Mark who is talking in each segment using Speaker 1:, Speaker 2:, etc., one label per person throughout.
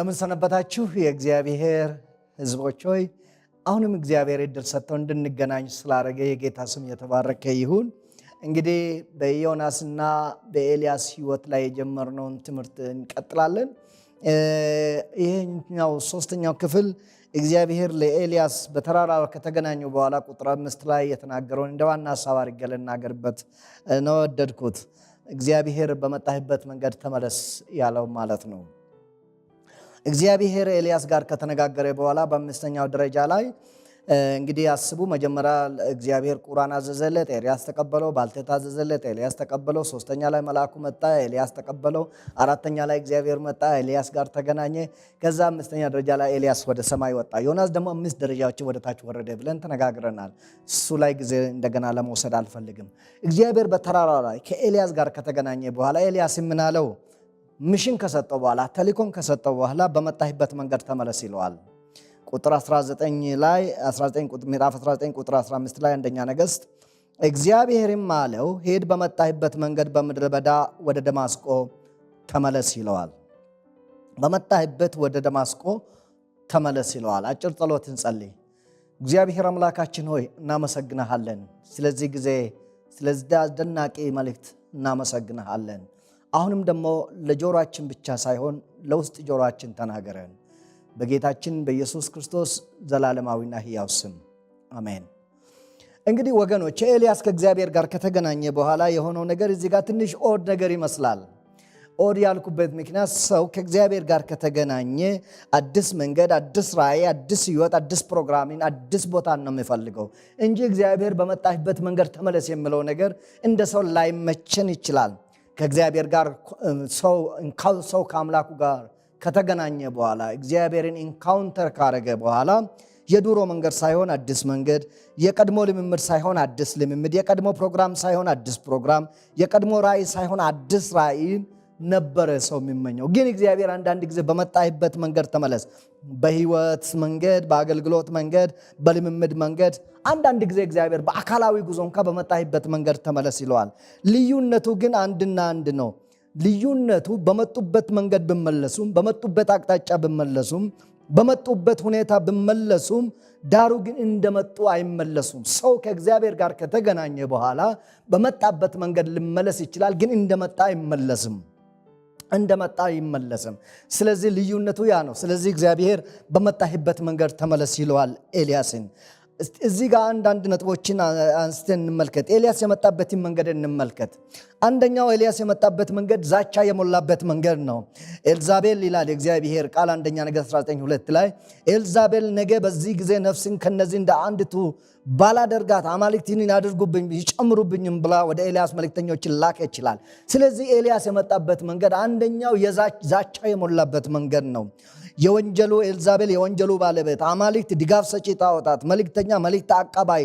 Speaker 1: እንደምንሰነበታችሁ የእግዚአብሔር ሕዝቦች ሆይ አሁንም እግዚአብሔር ድር ሰጥተው እንድንገናኝ ስላደረገ የጌታ ስም የተባረከ ይሁን። እንግዲህ በዮናስና በኤልያስ ሕይወት ላይ የጀመርነውን ትምህርት እንቀጥላለን። ይህኛው ሶስተኛው ክፍል እግዚአብሔር ለኤልያስ በተራራ ከተገናኙ በኋላ ቁጥር አምስት ላይ የተናገረውን እንደ ዋና ሀሳብ አድርጌ ልናገርበት ነው ወደድኩት። እግዚአብሔር በመጣህበት መንገድ ተመለስ ያለው ማለት ነው። እግዚአብሔር ኤልያስ ጋር ከተነጋገረ በኋላ በአምስተኛው ደረጃ ላይ እንግዲህ አስቡ። መጀመሪያ እግዚአብሔር ቁራን አዘዘለት፣ ኤልያስ ተቀበለው። ባልቴት አዘዘለት፣ ኤልያስ ተቀበለው። ሶስተኛ ላይ መልአኩ መጣ፣ ኤልያስ ተቀበለው። አራተኛ ላይ እግዚአብሔር መጣ፣ ኤልያስ ጋር ተገናኘ። ከዛ አምስተኛ ደረጃ ላይ ኤልያስ ወደ ሰማይ ወጣ። ዮናስ ደግሞ አምስት ደረጃዎችን ወደ ታች ወረደ ብለን ተነጋግረናል። እሱ ላይ ጊዜ እንደገና ለመውሰድ አልፈልግም። እግዚአብሔር በተራራ ላይ ከኤልያስ ጋር ከተገናኘ በኋላ ኤልያስ ምን አለው? ምሽን ከሰጠው በኋላ ተልእኮን ከሰጠው በኋላ በመጣህበት መንገድ ተመለስ ይለዋል። ቁጥር 19 ላይ 19 ምዕራፍ 19 ቁጥር 15 ላይ አንደኛ ነገሥት እግዚአብሔርም አለው ሄድ በመጣህበት መንገድ በምድረ በዳ ወደ ደማስቆ ተመለስ ይለዋል። በመጣህበት ወደ ደማስቆ ተመለስ ይለዋል። አጭር ጸሎት እንጸልይ። እግዚአብሔር አምላካችን ሆይ እናመሰግንሃለን። ስለዚህ ጊዜ ስለዚህ አስደናቂ መልእክት እናመሰግንሃለን። አሁንም ደግሞ ለጆሮአችን ብቻ ሳይሆን ለውስጥ ጆሮአችን ተናገረን። በጌታችን በኢየሱስ ክርስቶስ ዘላለማዊና ሕያው ስም አሜን። እንግዲህ ወገኖች ኤልያስ ከእግዚአብሔር ጋር ከተገናኘ በኋላ የሆነው ነገር እዚህ ጋር ትንሽ ኦድ ነገር ይመስላል። ኦድ ያልኩበት ምክንያት ሰው ከእግዚአብሔር ጋር ከተገናኘ አዲስ መንገድ፣ አዲስ ራእይ፣ አዲስ ህይወት አዲስ ፕሮግራሚን፣ አዲስ ቦታን ነው የሚፈልገው እንጂ እግዚአብሔር በመጣበት መንገድ ተመለስ የሚለው ነገር እንደ ሰው ላይመቸን ይችላል። ከእግዚአብሔር ጋር ሰው ከአምላኩ ጋር ከተገናኘ በኋላ እግዚአብሔርን ኢንካውንተር ካረገ በኋላ የዱሮ መንገድ ሳይሆን አዲስ መንገድ፣ የቀድሞ ልምምድ ሳይሆን አዲስ ልምምድ፣ የቀድሞ ፕሮግራም ሳይሆን አዲስ ፕሮግራም፣ የቀድሞ ራእይ ሳይሆን አዲስ ራእይን ነበረ ሰው የሚመኘው። ግን እግዚአብሔር አንዳንድ ጊዜ በመጣህበት መንገድ ተመለስ። በህይወት መንገድ፣ በአገልግሎት መንገድ፣ በልምምድ መንገድ አንዳንድ ጊዜ እግዚአብሔር በአካላዊ ጉዞ እንኳ በመጣህበት መንገድ ተመለስ ይለዋል። ልዩነቱ ግን አንድና አንድ ነው። ልዩነቱ በመጡበት መንገድ ብመለሱም፣ በመጡበት አቅጣጫ ብመለሱም፣ በመጡበት ሁኔታ ብመለሱም ዳሩ ግን እንደመጡ አይመለሱም። ሰው ከእግዚአብሔር ጋር ከተገናኘ በኋላ በመጣበት መንገድ ልመለስ ይችላል፣ ግን እንደመጣ አይመለስም። እንደመጣ አይመለስም። ስለዚህ ልዩነቱ ያ ነው። ስለዚህ እግዚአብሔር በመጣህበት መንገድ ተመለስ ይለዋል ኤልያስን። እዚህ ጋር አንዳንድ ነጥቦችን አንስተን እንመልከት። ኤልያስ የመጣበትን መንገድ እንመልከት። አንደኛው ኤልያስ የመጣበት መንገድ ዛቻ የሞላበት መንገድ ነው። ኤልዛቤል ይላል የእግዚአብሔር ቃል አንደኛ ነገ 19፥2 ላይ ኤልዛቤል ነገ በዚህ ጊዜ ነፍስን ከነዚህ እንደ አንድቱ ባላደርጋት አማልክትን ያደርጉብኝ ይጨምሩብኝም ብላ ወደ ኤልያስ መልክተኞችን ላከ ይችላል። ስለዚህ ኤልያስ የመጣበት መንገድ አንደኛው ዛቻ የሞላበት መንገድ ነው። የወንጀሉ ኤልዛቤል የወንጀሉ ባለቤት አማልክት ድጋፍ ሰጪ ጣዖታት መልእክተኛ መልእክት አቀባይ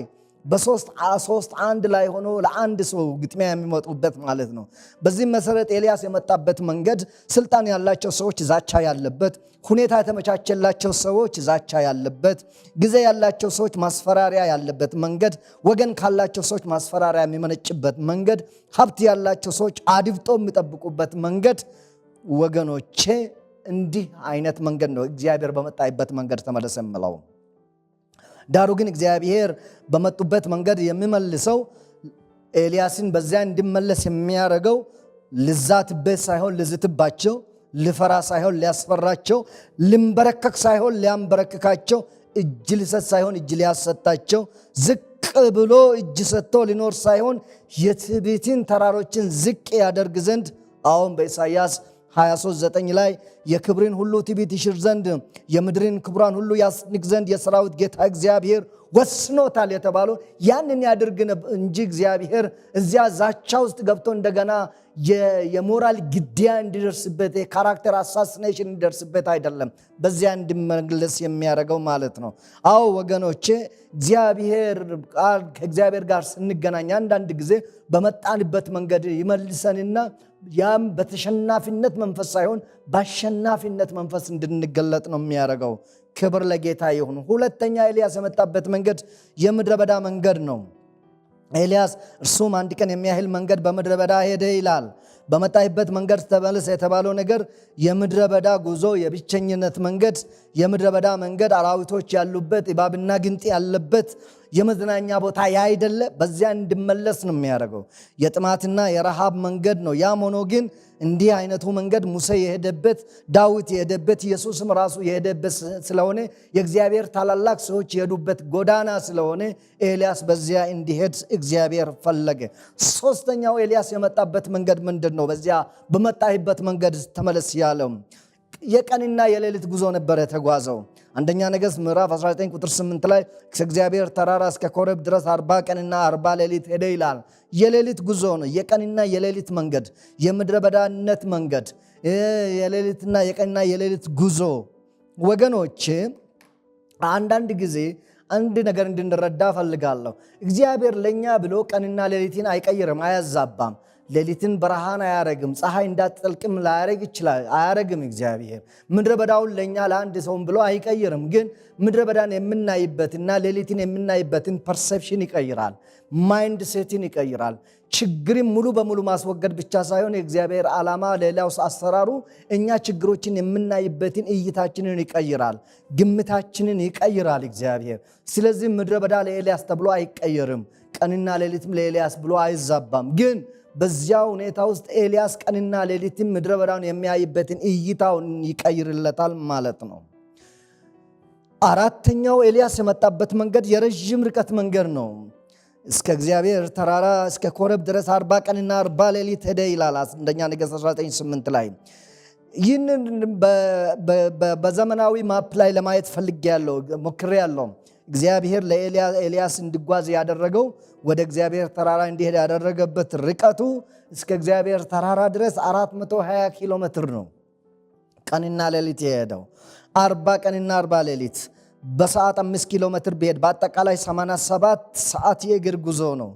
Speaker 1: በሶስት ሶስት አንድ ላይ ሆኖ ለአንድ ሰው ግጥሚያ የሚመጡበት ማለት ነው። በዚህም መሰረት ኤልያስ የመጣበት መንገድ ስልጣን ያላቸው ሰዎች ዛቻ ያለበት፣ ሁኔታ የተመቻቸላቸው ሰዎች ዛቻ ያለበት፣ ጊዜ ያላቸው ሰዎች ማስፈራሪያ ያለበት መንገድ፣ ወገን ካላቸው ሰዎች ማስፈራሪያ የሚመነጭበት መንገድ፣ ሀብት ያላቸው ሰዎች አድብጦ የሚጠብቁበት መንገድ ወገኖቼ እንዲህ አይነት መንገድ ነው እግዚአብሔር በመጣይበት መንገድ ተመለሰ የምለው። ዳሩ ግን እግዚአብሔር በመጡበት መንገድ የሚመልሰው ኤልያስን በዚያ እንዲመለስ የሚያደርገው ልዛትበት ሳይሆን ልዝትባቸው፣ ልፈራ ሳይሆን ሊያስፈራቸው፣ ልንበረከክ ሳይሆን ሊያንበረክካቸው፣ እጅ ልሰት ሳይሆን እጅ ሊያሰጣቸው፣ ዝቅ ብሎ እጅ ሰጥቶ ሊኖር ሳይሆን የትቢትን ተራሮችን ዝቅ ያደርግ ዘንድ አሁን በኢሳያስ 23፥9 ላይ የክብርን ሁሉ ትቢት ይሽር ዘንድ የምድርን ክቡራን ሁሉ ያስንቅ ዘንድ የሰራዊት ጌታ እግዚአብሔር ወስኖታል የተባሉ ያንን ያድርግ እንጂ እግዚአብሔር እዚያ ዛቻ ውስጥ ገብቶ እንደገና የሞራል ግድያ እንዲደርስበት የካራክተር አሳስኔሽን እንዲደርስበት አይደለም፣ በዚያ እንዲመለስ የሚያደርገው ማለት ነው። አዎ ወገኖቼ፣ እግዚአብሔር ቃል ከእግዚአብሔር ጋር ስንገናኝ አንዳንድ ጊዜ በመጣንበት መንገድ ይመልሰንና ያም በተሸናፊነት መንፈስ ሳይሆን በአሸናፊነት መንፈስ እንድንገለጥ ነው የሚያደርገው። ክብር ለጌታ ይሁን። ሁለተኛ ኤልያስ የመጣበት መንገድ የምድረ በዳ መንገድ ነው። ኤልያስ እርሱም አንድ ቀን የሚያህል መንገድ በምድረ በዳ ሄደ ይላል። በመጣይበት መንገድ ተመልስ የተባለው ነገር የምድረ በዳ ጉዞ፣ የብቸኝነት መንገድ፣ የምድረ በዳ መንገድ፣ አራዊቶች ያሉበት፣ እባብና ግንጥ ያለበት የመዝናኛ ቦታ ያ አይደለ፣ በዚያ እንድመለስ ነው የሚያደርገው። የጥማትና የረሃብ መንገድ ነው። ያም ሆኖ ግን እንዲህ አይነቱ መንገድ ሙሴ የሄደበት፣ ዳዊት የሄደበት፣ ኢየሱስም ራሱ የሄደበት ስለሆነ የእግዚአብሔር ታላላቅ ሰዎች የሄዱበት ጎዳና ስለሆነ ኤልያስ በዚያ እንዲሄድ እግዚአብሔር ፈለገ። ሶስተኛው ኤልያስ የመጣበት መንገድ ምንድን ነው? በዚያ በመጣህበት መንገድ ተመለስ ያለው የቀንና የሌሊት ጉዞ ነበር የተጓዘው። አንደኛ ነገሥት ምዕራፍ 19 ቁጥር 8 ላይ ከእግዚአብሔር ተራራ እስከ ኮረብ ድረስ 40 ቀንና 40 ሌሊት ሄደ ይላል። የሌሊት ጉዞ ነው። የቀንና የሌሊት መንገድ፣ የምድረ በዳነት መንገድ፣ የሌሊትና የቀንና የሌሊት ጉዞ ወገኖች አንዳንድ ጊዜ አንድ ነገር እንድንረዳ ፈልጋለሁ። እግዚአብሔር ለእኛ ብሎ ቀንና ሌሊትን አይቀይርም፣ አያዛባም። ሌሊትን ብርሃን አያረግም፣ ፀሐይ እንዳትጠልቅም አያረግም እግዚአብሔር ምድረ በዳውን ለእኛ ለአንድ ሰውን ብሎ አይቀይርም። ግን ምድረ በዳን የምናይበትና ሌሊትን የምናይበትን ፐርሰፕሽን ይቀይራል፣ ማይንድ ሴትን ይቀይራል። ችግርን ሙሉ በሙሉ ማስወገድ ብቻ ሳይሆን የእግዚአብሔር ዓላማ ሌላው አሰራሩ እኛ ችግሮችን የምናይበትን እይታችንን ይቀይራል፣ ግምታችንን ይቀይራል እግዚአብሔር። ስለዚህ ምድረ በዳ ለኤልያስ ተብሎ አይቀየርም፣ ቀንና ሌሊትም ለኤልያስ ብሎ አይዛባም ግን በዚያ ሁኔታ ውስጥ ኤልያስ ቀንና ሌሊትም ምድረ በዳውን የሚያይበትን እይታውን ይቀይርለታል ማለት ነው። አራተኛው ኤልያስ የመጣበት መንገድ የረዥም ርቀት መንገድ ነው። እስከ እግዚአብሔር ተራራ እስከ ኮረብ ድረስ አርባ ቀንና አርባ ሌሊት ሄደ ይላል አንደኛ ነገሥት 19፥8 ላይ። ይህንን በዘመናዊ ማፕ ላይ ለማየት ፈልጌ ያለው ሞክሬ ያለው እግዚአብሔር ለኤልያስ እንዲጓዝ ያደረገው ወደ እግዚአብሔር ተራራ እንዲሄድ ያደረገበት ርቀቱ እስከ እግዚአብሔር ተራራ ድረስ 420 ኪሎ ሜትር ነው። ቀንና ሌሊት የሄደው 40 ቀንና 40 ሌሊት በሰዓት 5 ኪሎ ሜትር በአጠቃላይ 87 ሰዓት የእግር ጉዞ ነው።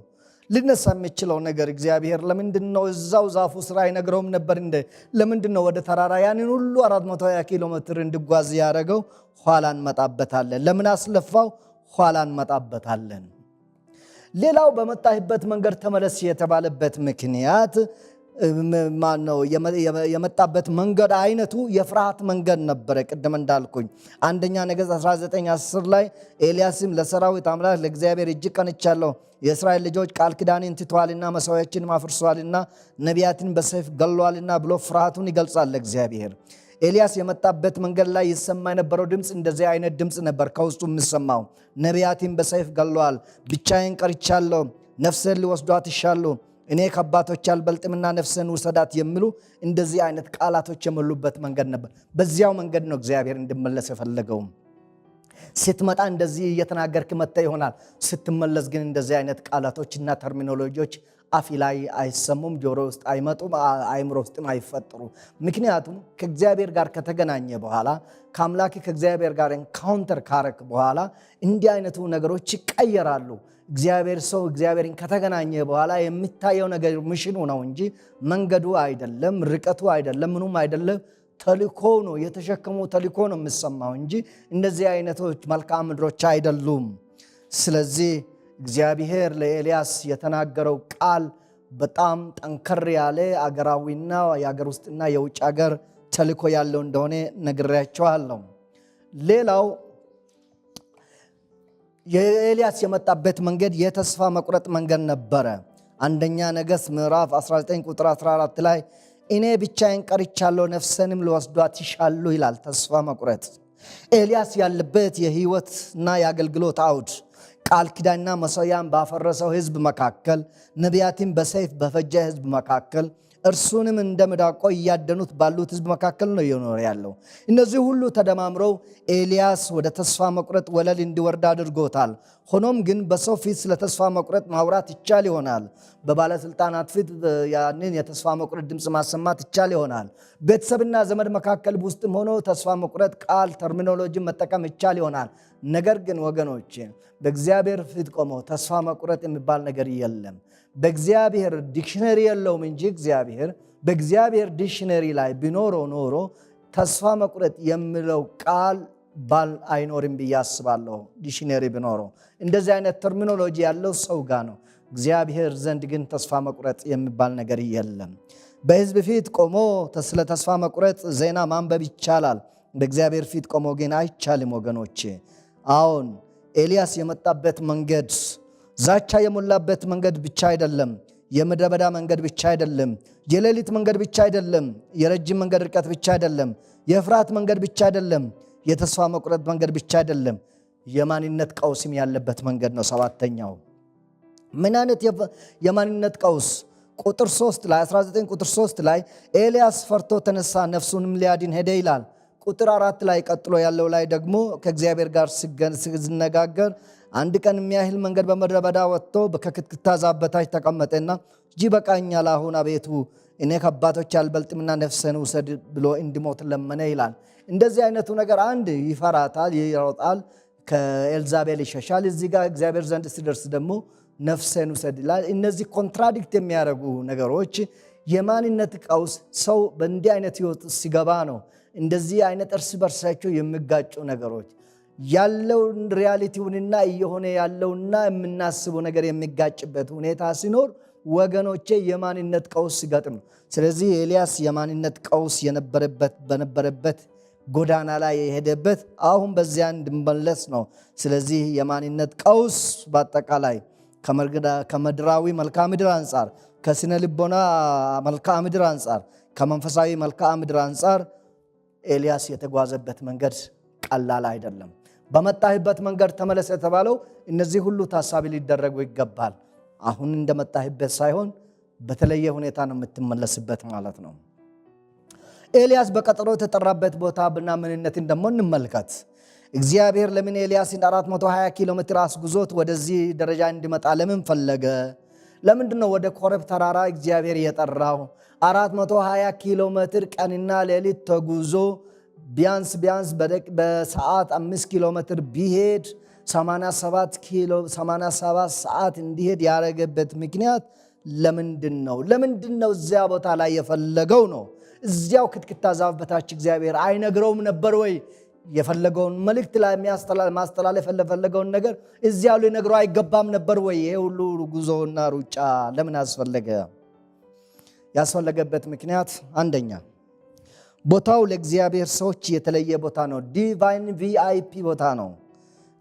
Speaker 1: ልነሳ የምችለው ነገር እግዚአብሔር ለምንድን ነው እዛው ዛፉ ስራ አይነግረውም ነበር እንደ ለምንድን ነው ወደ ተራራ ያንን ሁሉ 420 ኪሎ ሜትር እንድጓዝ ያደረገው? ኋላ እንመጣበታለን። ለምን አስለፋው? ኋላ እንመጣበታለን። ሌላው በመጣህበት መንገድ ተመለስ የተባለበት ምክንያት ማነው የመጣበት መንገድ አይነቱ የፍርሃት መንገድ ነበረ። ቅድም እንዳልኩኝ አንደኛ ነገሥት 1910 ላይ ኤልያስም ለሰራዊት አምላክ ለእግዚአብሔር እጅግ ቀንቻለሁ፣ የእስራኤል ልጆች ቃል ኪዳኔን ትተዋልና መሠዊያዎችንም አፍርሷልና ነቢያትን በሰይፍ ገሏልና ብሎ ፍርሃቱን ይገልጻል ለእግዚአብሔር። ኤልያስ የመጣበት መንገድ ላይ ይሰማ የነበረው ድምፅ እንደዚህ አይነት ድምፅ ነበር ከውስጡ የሚሰማው። ነቢያትን በሰይፍ ገለዋል፣ ብቻዬን ቀርቻለሁ፣ ነፍሴን ሊወስዷት ይሻሉ እኔ ከአባቶች አልበልጥምና ነፍስን ውሰዳት የሚሉ እንደዚህ አይነት ቃላቶች የሞሉበት መንገድ ነበር። በዚያው መንገድ ነው እግዚአብሔር እንድመለስ የፈለገውም። ስትመጣ እንደዚህ እየተናገርክ መታ ይሆናል። ስትመለስ ግን እንደዚህ አይነት ቃላቶችና ተርሚኖሎጂዎች አፊ ላይ አይሰሙም፣ ጆሮ ውስጥ አይመጡም፣ አይምሮ ውስጥም አይፈጥሩ። ምክንያቱም ከእግዚአብሔር ጋር ከተገናኘ በኋላ ከአምላክ ከእግዚአብሔር ጋር ኤንካውንተር ካረክ በኋላ እንዲህ አይነቱ ነገሮች ይቀየራሉ። እግዚአብሔር ሰው እግዚአብሔርን ከተገናኘ በኋላ የሚታየው ነገር ምሽኑ ነው እንጂ መንገዱ አይደለም፣ ርቀቱ አይደለም፣ ምኑም አይደለም። ተልኮ ነው የተሸከመው ተልኮ ነው የምሰማው እንጂ እንደዚህ አይነቶች መልክዓ ምድሮች አይደሉም። ስለዚህ እግዚአብሔር ለኤልያስ የተናገረው ቃል በጣም ጠንከር ያለ አገራዊና የአገር ውስጥና የውጭ ሀገር ተልኮ ያለው እንደሆነ ነግሬያቸዋለሁ። ሌላው የኤልያስ የመጣበት መንገድ የተስፋ መቁረጥ መንገድ ነበረ። አንደኛ ነገሥት ምዕራፍ 19 ቁጥር 14 ላይ እኔ ብቻዬን ቀርቻለሁ፣ ነፍሰንም ሊወስዷት ይሻሉ ይላል። ተስፋ መቁረጥ ኤልያስ ያለበት የህይወትና የአገልግሎት አውድ ቃል ኪዳንና መሰውያን ባፈረሰው ህዝብ መካከል ነቢያትን በሰይፍ በፈጀ ህዝብ መካከል እርሱንም እንደ ምዳቆ እያደኑት ባሉት ህዝብ መካከል ነው እየኖረ ያለው። እነዚህ ሁሉ ተደማምረው ኤልያስ ወደ ተስፋ መቁረጥ ወለል እንዲወርድ አድርጎታል። ሆኖም ግን በሰው ፊት ስለ ተስፋ መቁረጥ ማውራት ይቻል ይሆናል። በባለስልጣናት ፊት ያንን የተስፋ መቁረጥ ድምፅ ማሰማት ይቻል ይሆናል። ቤተሰብና ዘመድ መካከል ውስጥም ሆኖ ተስፋ መቁረጥ ቃል ተርሚኖሎጂ መጠቀም ይቻል ይሆናል። ነገር ግን ወገኖች በእግዚአብሔር ፊት ቆሞ ተስፋ መቁረጥ የሚባል ነገር የለም። በእግዚአብሔር ዲክሽነሪ የለውም እንጂ እግዚአብሔር በእግዚአብሔር ዲክሽነሪ ላይ ቢኖሮ ኖሮ ተስፋ መቁረጥ የሚለው ቃል ባል አይኖርም ብዬ አስባለሁ። ዲሽነሪ ብኖረው እንደዚህ አይነት ተርሚኖሎጂ ያለው ሰው ጋ ነው። እግዚአብሔር ዘንድ ግን ተስፋ መቁረጥ የሚባል ነገር የለም። በህዝብ ፊት ቆሞ ስለ ተስፋ መቁረጥ ዜና ማንበብ ይቻላል። በእግዚአብሔር ፊት ቆሞ ግን አይቻልም ወገኖቼ። አሁን ኤልያስ የመጣበት መንገድ ዛቻ የሞላበት መንገድ ብቻ አይደለም። የምድረ በዳ መንገድ ብቻ አይደለም። የሌሊት መንገድ ብቻ አይደለም። የረጅም መንገድ ርቀት ብቻ አይደለም። የፍርሃት መንገድ ብቻ አይደለም። የተስፋ መቁረጥ መንገድ ብቻ አይደለም፣ የማንነት ቀውስም ያለበት መንገድ ነው። ሰባተኛው ምን አይነት የማንነት ቀውስ? ቁጥር 3 ላይ 19 ቁጥር 3 ላይ ኤልያስ ፈርቶ ተነሳ፣ ነፍሱንም ሊያድን ሄደ ይላል። ቁጥር አራት ላይ ቀጥሎ ያለው ላይ ደግሞ ከእግዚአብሔር ጋር ሲነጋገር አንድ ቀን የሚያህል መንገድ በምድረ በዳ ወጥቶ ከክትክታ ዛፍ በታች ተቀመጠና እጅ በቃኛ አሁን አቤቱ እኔ ከአባቶች አልበልጥምና ነፍሰን ውሰድ ብሎ እንዲሞት ለመነ ይላል። እንደዚህ አይነቱ ነገር አንድ ይፈራታል፣ ይሮጣል፣ ከኤልዛቤል ይሸሻል። እዚህ ጋር እግዚአብሔር ዘንድ ሲደርስ ደግሞ ነፍሰን ውሰድ ይላል። እነዚህ ኮንትራዲክት የሚያደርጉ ነገሮች የማንነት ቀውስ ሰው በእንዲህ አይነት ህይወት ሲገባ ነው። እንደዚህ አይነት እርስ በርሳቸው የሚጋጩ ነገሮች ያለውን ሪያሊቲውንና እየሆነ ያለውና የምናስበው ነገር የሚጋጭበት ሁኔታ ሲኖር ወገኖቼ የማንነት ቀውስ ሲገጥም ስለዚህ ኤልያስ የማንነት ቀውስ የነበረበት በነበረበት ጎዳና ላይ የሄደበት አሁን በዚያ እንድመለስ ነው። ስለዚህ የማንነት ቀውስ በአጠቃላይ ከምድራዊ መልክዓ ምድር አንጻር፣ ከስነ ልቦና መልክዓ ምድር አንጻር፣ ከመንፈሳዊ መልክዓ ምድር አንጻር ኤልያስ የተጓዘበት መንገድ ቀላል አይደለም። በመጣህበት መንገድ ተመለስ የተባለው እነዚህ ሁሉ ታሳቢ ሊደረጉ ይገባል። አሁን እንደመጣህበት ሳይሆን በተለየ ሁኔታ ነው የምትመለስበት ማለት ነው። ኤልያስ በቀጠሮ የተጠራበት ቦታ ብና ምንነትን ደግሞ እንመልከት። እግዚአብሔር ለምን ኤልያስን 420 ኪሎ ሜትር አስጉዞት ወደዚህ ደረጃ እንዲመጣ ለምን ፈለገ? ለምንድን ነው ወደ ኮረብ ተራራ እግዚአብሔር የጠራው? 420 ኪሎ ሜትር ቀንና ሌሊት ተጉዞ ቢያንስ ቢያንስ በሰዓት 5 ኪሎ ሜትር ቢሄድ 87 ኪሎ 87 ሰዓት እንዲሄድ ያደረገበት ምክንያት ለምንድን ነው? ለምንድን ነው እዚያ ቦታ ላይ የፈለገው ነው? እዚያው ክትክታ ዛፍ በታች እግዚአብሔር አይነግረውም ነበር ወይ? የፈለገውን መልእክት ማስተላለፍ የፈለገውን ነገር እዚያው ሊነግረው አይገባም ነበር ወይ? ይሄ ሁሉ ጉዞና ሩጫ ለምን አስፈለገ? ያስፈለገበት ምክንያት አንደኛ ቦታው ለእግዚአብሔር ሰዎች የተለየ ቦታ ነው። ዲቫይን ቪአይፒ ቦታ ነው።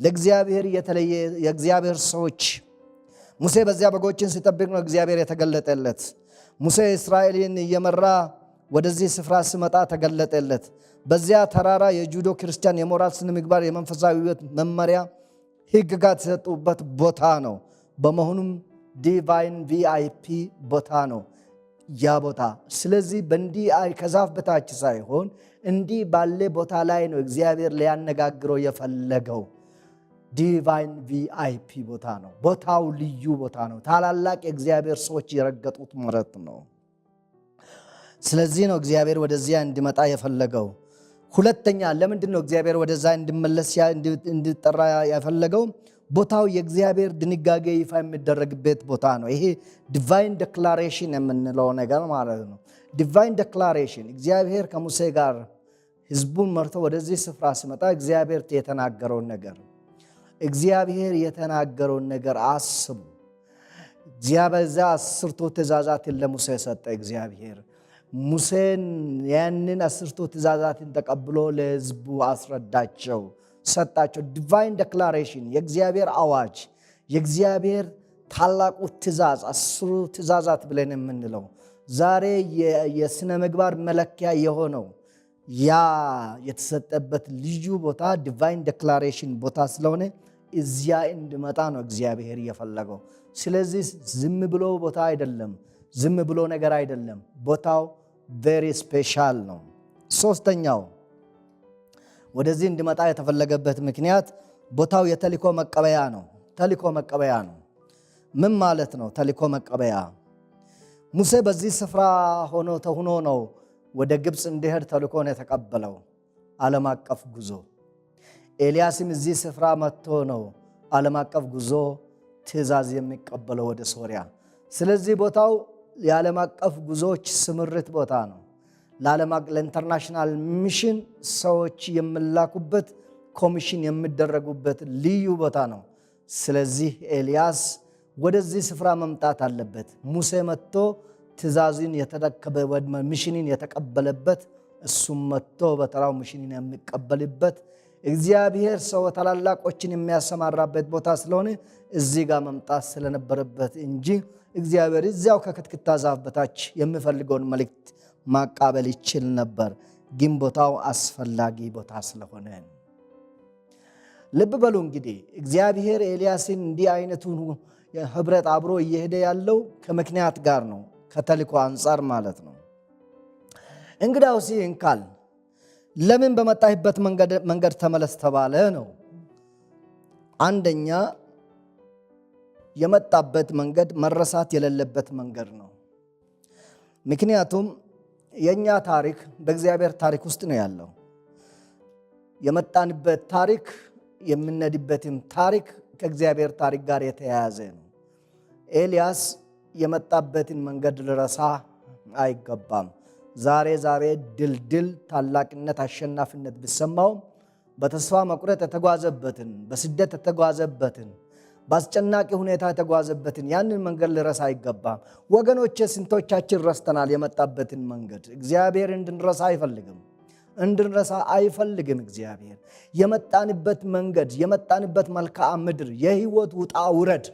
Speaker 1: ለእግዚአብሔር የተለየ የእግዚአብሔር ሰዎች። ሙሴ በዚያ በጎችን ሲጠብቅ ነው እግዚአብሔር የተገለጠለት። ሙሴ እስራኤልን እየመራ ወደዚህ ስፍራ ስመጣ ተገለጠለት። በዚያ ተራራ የጁዶ ክርስቲያን የሞራል ስነ ምግባር፣ የመንፈሳዊ ህይወት መመሪያ ሕግጋት የተሰጡበት ቦታ ነው። በመሆኑም ዲቫይን ቪአይፒ ቦታ ነው ያ ቦታ። ስለዚህ በእንዲህ ከዛፍ በታች ሳይሆን እንዲህ ባለ ቦታ ላይ ነው እግዚአብሔር ሊያነጋግረው የፈለገው። ዲቫይን ቪአይፒ ቦታ ነው። ቦታው ልዩ ቦታ ነው። ታላላቅ የእግዚአብሔር ሰዎች የረገጡት ምረት ነው። ስለዚህ ነው እግዚአብሔር ወደዚያ እንዲመጣ የፈለገው። ሁለተኛ ለምንድን ነው እግዚአብሔር ወደዛ እንዲመለስ እንዲጠራ ያፈለገው? ቦታው የእግዚአብሔር ድንጋጌ ይፋ የሚደረግበት ቦታ ነው። ይሄ ዲቫይን ዴክላሬሽን የምንለው ነገር ማለት ነው። ዲቫይን ዴክላሬሽን እግዚአብሔር ከሙሴ ጋር ህዝቡን መርቶ ወደዚህ ስፍራ ሲመጣ እግዚአብሔር የተናገረውን ነገር እግዚአብሔር የተናገረውን ነገር አስቡ። በዛ አስርቶ ትእዛዛትን ለሙሴ ሰጠ እግዚአብሔር ሙሴን ያንን አስርቶ ትእዛዛትን ተቀብሎ ለህዝቡ አስረዳቸው፣ ሰጣቸው። ዲቫይን ዴክላሬሽን የእግዚአብሔር አዋጅ የእግዚአብሔር ታላቁ ትእዛዝ አስሩ ትእዛዛት ብለን የምንለው ዛሬ የሥነ ምግባር መለኪያ የሆነው ያ የተሰጠበት ልዩ ቦታ ዲቫይን ዴክላሬሽን ቦታ ስለሆነ እዚያ እንድመጣ ነው እግዚአብሔር እየፈለገው። ስለዚህ ዝም ብሎ ቦታ አይደለም፣ ዝም ብሎ ነገር አይደለም። ቦታው ቬሪ ስፔሻል ነው። ሶስተኛው ወደዚህ እንድመጣ የተፈለገበት ምክንያት ቦታው የተልእኮ መቀበያ ነው። ተልእኮ መቀበያ ነው። ምን ማለት ነው? ተልእኮ መቀበያ ሙሴ በዚህ ስፍራ ሆኖ ተሁኖ ነው ወደ ግብፅ እንዲሄድ ተልእኮን የተቀበለው ዓለም አቀፍ ጉዞ ኤልያስም እዚህ ስፍራ መጥቶ ነው ዓለም አቀፍ ጉዞ ትእዛዝ የሚቀበለው ወደ ሶሪያ። ስለዚህ ቦታው የዓለም አቀፍ ጉዞዎች ስምርት ቦታ ነው። ለኢንተርናሽናል ሚሽን ሰዎች የሚላኩበት ኮሚሽን የሚደረጉበት ልዩ ቦታ ነው። ስለዚህ ኤልያስ ወደዚህ ስፍራ መምጣት አለበት። ሙሴ መጥቶ ወድመ ሚሽንን የተቀበለበት እሱም መጥቶ በተራው ሚሽንን የሚቀበልበት እግዚአብሔር ሰው ታላላቆችን የሚያሰማራበት ቦታ ስለሆነ እዚህ ጋር መምጣት ስለነበረበት እንጂ እግዚአብሔር እዚያው ከክትክታ ዛፍ በታች የሚፈልገውን መልእክት ማቃበል ይችል ነበር። ግን ቦታው አስፈላጊ ቦታ ስለሆነ ልብ በሉ እንግዲህ እግዚአብሔር ኤልያስን እንዲህ አይነቱን ህብረት አብሮ እየሄደ ያለው ከምክንያት ጋር ነው፣ ከተልእኮ አንጻር ማለት ነው። እንግዳው ሲ እንካል ለምን በመጣህበት መንገድ ተመለስ ተባለ ነው። አንደኛ የመጣበት መንገድ መረሳት የሌለበት መንገድ ነው። ምክንያቱም የእኛ ታሪክ በእግዚአብሔር ታሪክ ውስጥ ነው ያለው። የመጣንበት ታሪክ የምነድበትም ታሪክ ከእግዚአብሔር ታሪክ ጋር የተያያዘ ነው። ኤልያስ የመጣበትን መንገድ ልረሳ አይገባም። ዛሬ ዛሬ ድልድል ታላቅነት፣ አሸናፊነት ብሰማው በተስፋ መቁረጥ የተጓዘበትን በስደት የተጓዘበትን በአስጨናቂ ሁኔታ የተጓዘበትን ያንን መንገድ ልረሳ አይገባም። ወገኖች ስንቶቻችን ረስተናል የመጣበትን መንገድ። እግዚአብሔር እንድንረሳ አይፈልግም እንድንረሳ አይፈልግም። እግዚአብሔር የመጣንበት መንገድ የመጣንበት መልክዓ ምድር የህይወት ውጣ ውረድ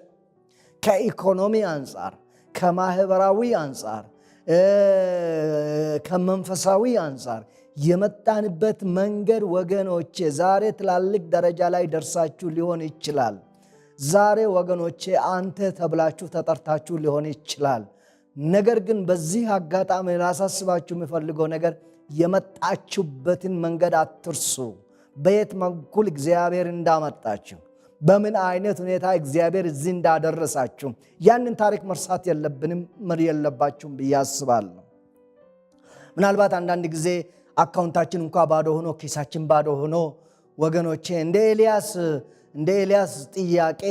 Speaker 1: ከኢኮኖሚ አንጻር ከማህበራዊ አንጻር ከመንፈሳዊ አንጻር የመጣንበት መንገድ ወገኖቼ ዛሬ ትላልቅ ደረጃ ላይ ደርሳችሁ ሊሆን ይችላል። ዛሬ ወገኖቼ አንተ ተብላችሁ ተጠርታችሁ ሊሆን ይችላል። ነገር ግን በዚህ አጋጣሚ ላሳስባችሁ የሚፈልገው ነገር የመጣችሁበትን መንገድ አትርሱ። በየት በኩል እግዚአብሔር እንዳመጣችሁ በምን አይነት ሁኔታ እግዚአብሔር እዚህ እንዳደረሳችሁ ያንን ታሪክ መርሳት የለብንም የለባችሁም ብዬ አስባለሁ። ምናልባት አንዳንድ ጊዜ አካውንታችን እንኳ ባዶ ሆኖ ኪሳችን ባዶ ሆኖ ወገኖቼ እንደ ኤልያስ እንደ ኤልያስ ጥያቄ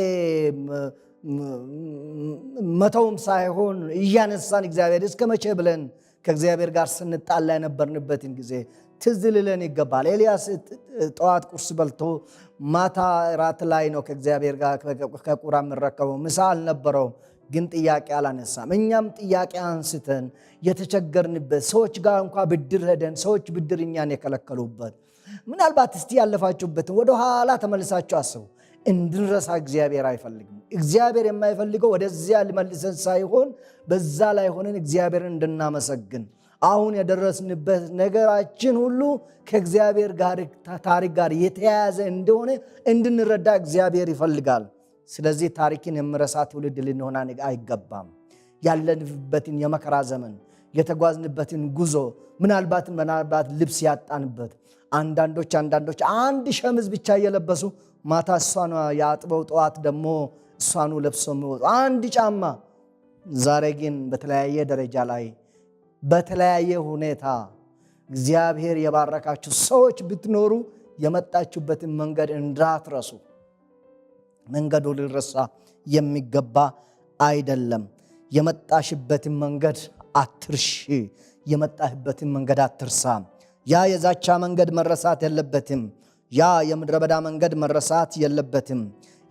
Speaker 1: መተውም ሳይሆን እያነሳን እግዚአብሔር እስከ መቼ ብለን ከእግዚአብሔር ጋር ስንጣላ የነበርንበትን ጊዜ ትዝ ልለን ይገባል። ኤልያስ ጠዋት ቁርስ በልቶ ማታ ራት ላይ ነው ከእግዚአብሔር ጋር ከቁራ የምረከበው። ምሳ አልነበረውም፣ ግን ጥያቄ አላነሳም። እኛም ጥያቄ አንስተን የተቸገርንበት ሰዎች ጋር እንኳ ብድር ሄደን ሰዎች ብድር እኛን የከለከሉበት ምናልባት እስቲ ያለፋችሁበትን ወደኋላ ተመልሳችሁ አስቡ። እንድንረሳ እግዚአብሔር አይፈልግም። እግዚአብሔር የማይፈልገው ወደዚያ ሊመልሰን ሳይሆን በዛ ላይ ሆነን እግዚአብሔርን እንድናመሰግን አሁን የደረስንበት ነገራችን ሁሉ ከእግዚአብሔር ታሪክ ጋር የተያያዘ እንደሆነ እንድንረዳ እግዚአብሔር ይፈልጋል። ስለዚህ ታሪክን የምረሳ ትውልድ ልንሆን አይገባም። ያለንበትን የመከራ ዘመን የተጓዝንበትን ጉዞ ምናልባት ምናልባት ልብስ ያጣንበት አንዳንዶች አንዳንዶች አንድ ሸሚዝ ብቻ እየለበሱ ማታ እሷን የአጥበው ጠዋት ደግሞ እሷኑ ለብሶ የሚወጡ አንድ ጫማ ዛሬ ግን በተለያየ ደረጃ ላይ በተለያየ ሁኔታ እግዚአብሔር የባረካችሁ ሰዎች ብትኖሩ የመጣችሁበትን መንገድ እንዳትረሱ። መንገዱ ሊረሳ የሚገባ አይደለም። የመጣሽበትን መንገድ አትርሺ። የመጣህበትን መንገድ አትርሳ። ያ የዛቻ መንገድ መረሳት የለበትም። ያ የምድረ በዳ መንገድ መረሳት የለበትም።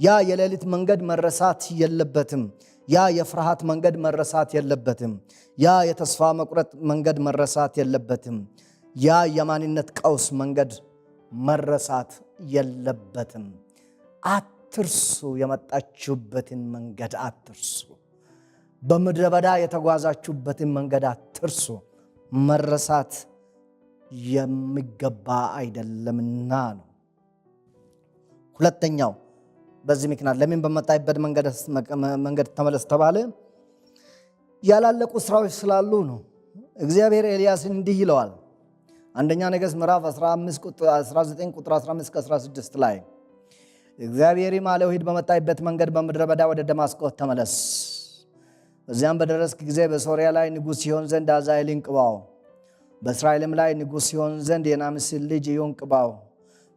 Speaker 1: ያ የሌሊት መንገድ መረሳት የለበትም። ያ የፍርሃት መንገድ መረሳት የለበትም። ያ የተስፋ መቁረጥ መንገድ መረሳት የለበትም። ያ የማንነት ቀውስ መንገድ መረሳት የለበትም። አትርሱ፣ የመጣችሁበትን መንገድ አትርሱ። በምድረ በዳ የተጓዛችሁበትን መንገድ አትርሱ። መረሳት የሚገባ አይደለምና ነው። ሁለተኛው በዚህ ምክንያት ለምን በመጣይበት መንገድ ተመለስ ተባለ? ያላለቁ ስራዎች ስላሉ ነው። እግዚአብሔር ኤልያስን እንዲህ ይለዋል። አንደኛ ነገሥት ምዕራፍ 19 ቁጥር 15 16 ላይ እግዚአብሔርም አለው ሂድ በመጣይበት መንገድ በምድረ በዳ ወደ ደማስቆ ተመለስ፣ በዚያም በደረስክ ጊዜ በሶርያ ላይ ንጉሥ ሲሆን ዘንድ አዛሄልን ቅባው፣ በእስራኤልም ላይ ንጉሥ ሲሆን ዘንድ የናምስን ልጅ ኢዮን ቅባው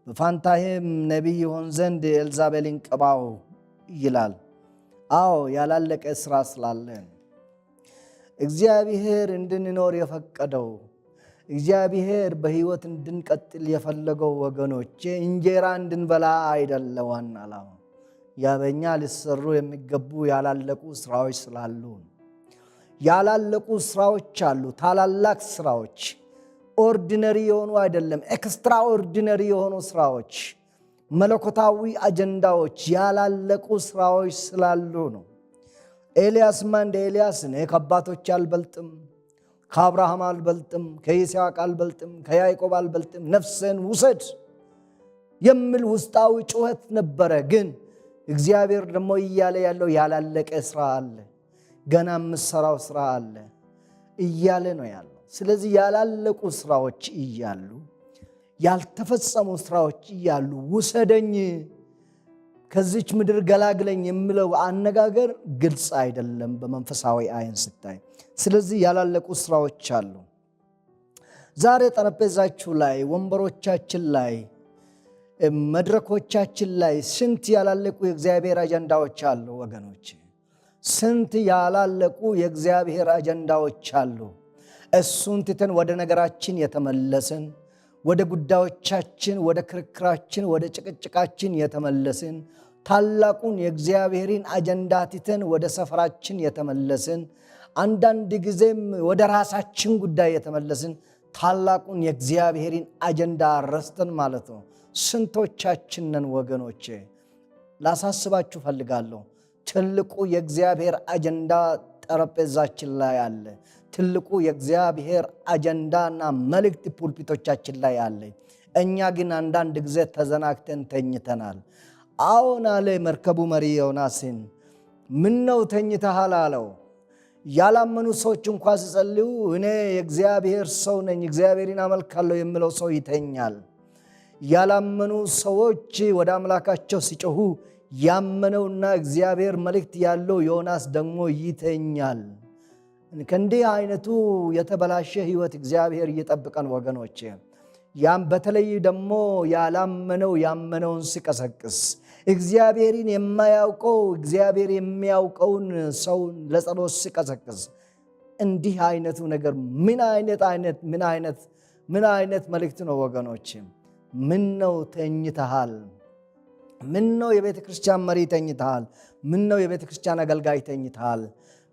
Speaker 1: በፋንታህም ነቢይ ይሆን ዘንድ ኤልዛቤልን ቅባው ይላል። አዎ ያላለቀ ስራ ስላለን እግዚአብሔር እንድንኖር የፈቀደው እግዚአብሔር በህይወት እንድንቀጥል የፈለገው ወገኖቼ እንጀራ እንድንበላ አይደለ ዋና ዓላማ። ያ በኛ ሊሰሩ የሚገቡ ያላለቁ ስራዎች ስላሉ ያላለቁ ስራዎች አሉ፣ ታላላቅ ስራዎች ኦርዲነሪ የሆኑ አይደለም፣ ኤክስትራኦርዲነሪ የሆኑ ስራዎች፣ መለኮታዊ አጀንዳዎች፣ ያላለቁ ስራዎች ስላሉ ነው። ኤልያስማ እንደ ኤልያስ እኔ ከአባቶች አልበልጥም፣ ከአብርሃም አልበልጥም፣ ከይስሐቅ አልበልጥም፣ ከያዕቆብ አልበልጥም፣ ነፍስን ውሰድ የሚል ውስጣዊ ጩኸት ነበረ። ግን እግዚአብሔር ደግሞ እያለ ያለው ያላለቀ ስራ አለ፣ ገና የምሰራው ስራ አለ እያለ ነው ያለ ስለዚህ ያላለቁ ስራዎች እያሉ ያልተፈጸሙ ስራዎች እያሉ ውሰደኝ፣ ከዚች ምድር ገላግለኝ የምለው አነጋገር ግልጽ አይደለም በመንፈሳዊ አይን ስታይ። ስለዚህ ያላለቁ ስራዎች አሉ። ዛሬ ጠረጴዛችሁ ላይ፣ ወንበሮቻችን ላይ፣ መድረኮቻችን ላይ ስንት ያላለቁ የእግዚአብሔር አጀንዳዎች አሉ ወገኖች፣ ስንት ያላለቁ የእግዚአብሔር አጀንዳዎች አሉ። እሱን ትተን ወደ ነገራችን የተመለስን ወደ ጉዳዮቻችን፣ ወደ ክርክራችን፣ ወደ ጭቅጭቃችን የተመለስን ታላቁን የእግዚአብሔርን አጀንዳ ትተን ወደ ሰፈራችን የተመለስን አንዳንድ ጊዜም ወደ ራሳችን ጉዳይ የተመለስን ታላቁን የእግዚአብሔርን አጀንዳ ረስተን ማለት ነው። ስንቶቻችን ነን ወገኖቼ? ላሳስባችሁ ፈልጋለሁ። ትልቁ የእግዚአብሔር አጀንዳ ጠረጴዛችን ላይ አለ። ትልቁ የእግዚአብሔር አጀንዳና መልእክት ፑልፒቶቻችን ላይ አለ። እኛ ግን አንዳንድ ጊዜ ተዘናግተን ተኝተናል። አሁን አለ መርከቡ መሪ ዮናስን፣ ነው ተኝተሃል አለው። ያላመኑ ሰዎች እንኳ ሲጸልዩ እኔ የእግዚአብሔር ሰው ነኝ፣ እግዚአብሔርን አመልካለሁ የምለው ሰው ይተኛል። ያላመኑ ሰዎች ወደ አምላካቸው ሲጮሁ ያመነውና እግዚአብሔር መልእክት ያለው ዮናስ ደግሞ ይተኛል። ከእንዲህ አይነቱ የተበላሸ ህይወት እግዚአብሔር እየጠብቀን ወገኖች ያም በተለይ ደግሞ ያላመነው ያመነውን ሲቀሰቅስ እግዚአብሔርን የማያውቀው እግዚአብሔር የሚያውቀውን ሰውን ለጸሎት ሲቀሰቅስ እንዲህ አይነቱ ነገር ምን አይነት አይነት ምን አይነት ምን አይነት መልእክት ነው ወገኖች? ምን ነው ተኝተሃል? ምን ነው የቤተ ክርስቲያን መሪ ተኝተሃል? ምን ነው የቤተ ክርስቲያን አገልጋይ ተኝተሃል?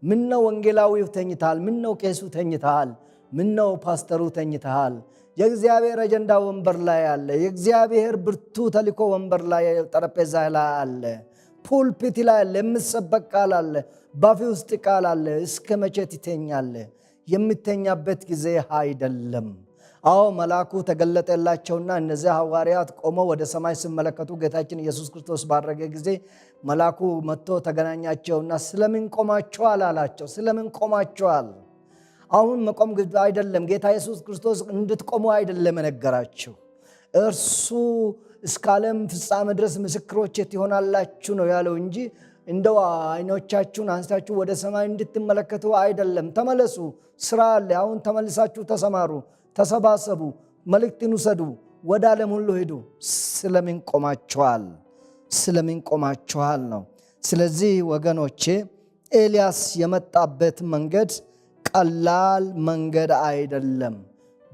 Speaker 1: ምን ምነው ወንጌላዊው ተኝተሃል? ነው ቄሱ ተኝተሃል? ነው ፓስተሩ ተኝተሃል? የእግዚአብሔር አጀንዳ ወንበር ላይ አለ። የእግዚአብሔር ብርቱ ተልእኮ ወንበር ላይ ጠረጴዛ ላይ አለ። ፑልፒት ላይ አለ። የምትሰበክ ቃል አለ። ባፊ ውስጥ ቃል አለ። እስከ መቼ ትተኛለህ? የምተኛበት ጊዜ አይደለም። አዎ መልአኩ ተገለጠላቸውና እነዚያ ሐዋርያት ቆመው ወደ ሰማይ ሲመለከቱ ጌታችን ኢየሱስ ክርስቶስ ባረገ ጊዜ መልአኩ መጥቶ ተገናኛቸውና ስለምን ቆማችኋል? አላቸው። ስለምን ቆማችኋል? አሁን መቆም አይደለም፣ ጌታ ኢየሱስ ክርስቶስ እንድትቆሙ አይደለም የነገራችሁ እርሱ እስከ ዓለም ፍጻሜ ድረስ ምስክሮች ትሆናላችሁ ነው ያለው እንጂ እንደው አይኖቻችሁን አንስታችሁ ወደ ሰማይ እንድትመለከቱ አይደለም። ተመለሱ፣ ስራ አለ። አሁን ተመልሳችሁ ተሰማሩ ተሰባሰቡ፣ መልእክትን ውሰዱ፣ ወደ ዓለም ሁሉ ሄዱ። ስለምን ቆማችኋል? ስለምን ቆማችኋል ነው። ስለዚህ ወገኖቼ ኤልያስ የመጣበት መንገድ ቀላል መንገድ አይደለም፣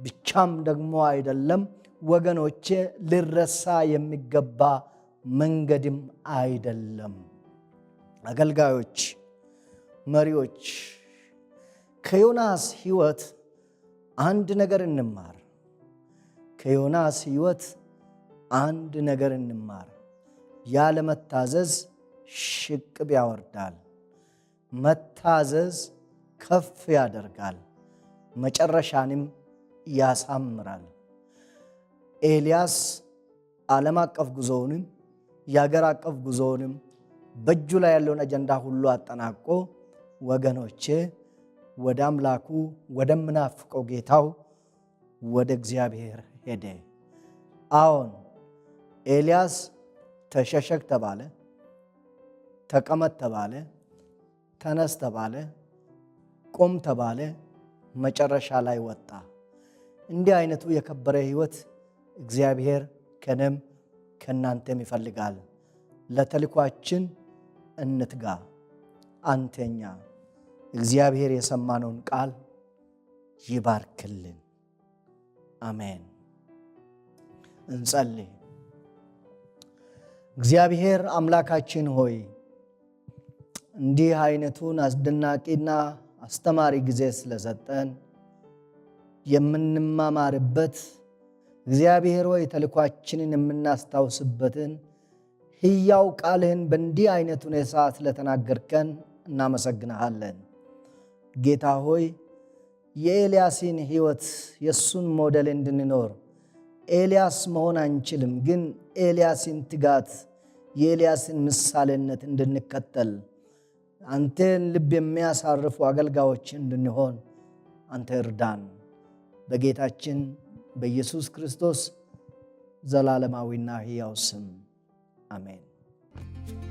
Speaker 1: ብቻም ደግሞ አይደለም ወገኖቼ፣ ሊረሳ የሚገባ መንገድም አይደለም። አገልጋዮች፣ መሪዎች ከዮናስ ሕይወት አንድ ነገር እንማር። ከዮናስ ሕይወት አንድ ነገር እንማር። ያለመታዘዝ ሽቅብ ያወርዳል፣ መታዘዝ ከፍ ያደርጋል፣ መጨረሻንም ያሳምራል። ኤልያስ ዓለም አቀፍ ጉዞውንም የአገር አቀፍ ጉዞውንም በእጁ ላይ ያለውን አጀንዳ ሁሉ አጠናቆ ወገኖቼ ወደ አምላኩ ወደምናፍቀው ጌታው ወደ እግዚአብሔር ሄደ። አዎን ኤልያስ ተሸሸግ ተባለ፣ ተቀመጥ ተባለ፣ ተነስ ተባለ፣ ቆም ተባለ፣ መጨረሻ ላይ ወጣ። እንዲህ አይነቱ የከበረ ሕይወት እግዚአብሔር ከእኔም ከእናንተም ይፈልጋል። ለተልኳችን እንትጋ አንተኛ እግዚአብሔር የሰማነውን ቃል ይባርክልን። አሜን። እንጸልይ። እግዚአብሔር አምላካችን ሆይ እንዲህ አይነቱን አስደናቂና አስተማሪ ጊዜ ስለሰጠን የምንማማርበት እግዚአብሔር ሆይ ተልኳችንን የምናስታውስበትን ሕያው ቃልህን በእንዲህ አይነት ሁኔታ ስለተናገርከን እናመሰግንሃለን። ጌታ ሆይ የኤልያስን ሕይወት የእሱን ሞዴል እንድንኖር ኤልያስ መሆን አንችልም፣ ግን ኤልያስን ትጋት የኤልያስን ምሳሌነት እንድንከተል አንተን ልብ የሚያሳርፉ አገልጋዮች እንድንሆን አንተ እርዳን። በጌታችን በኢየሱስ ክርስቶስ ዘላለማዊና ሕያው ስም አሜን።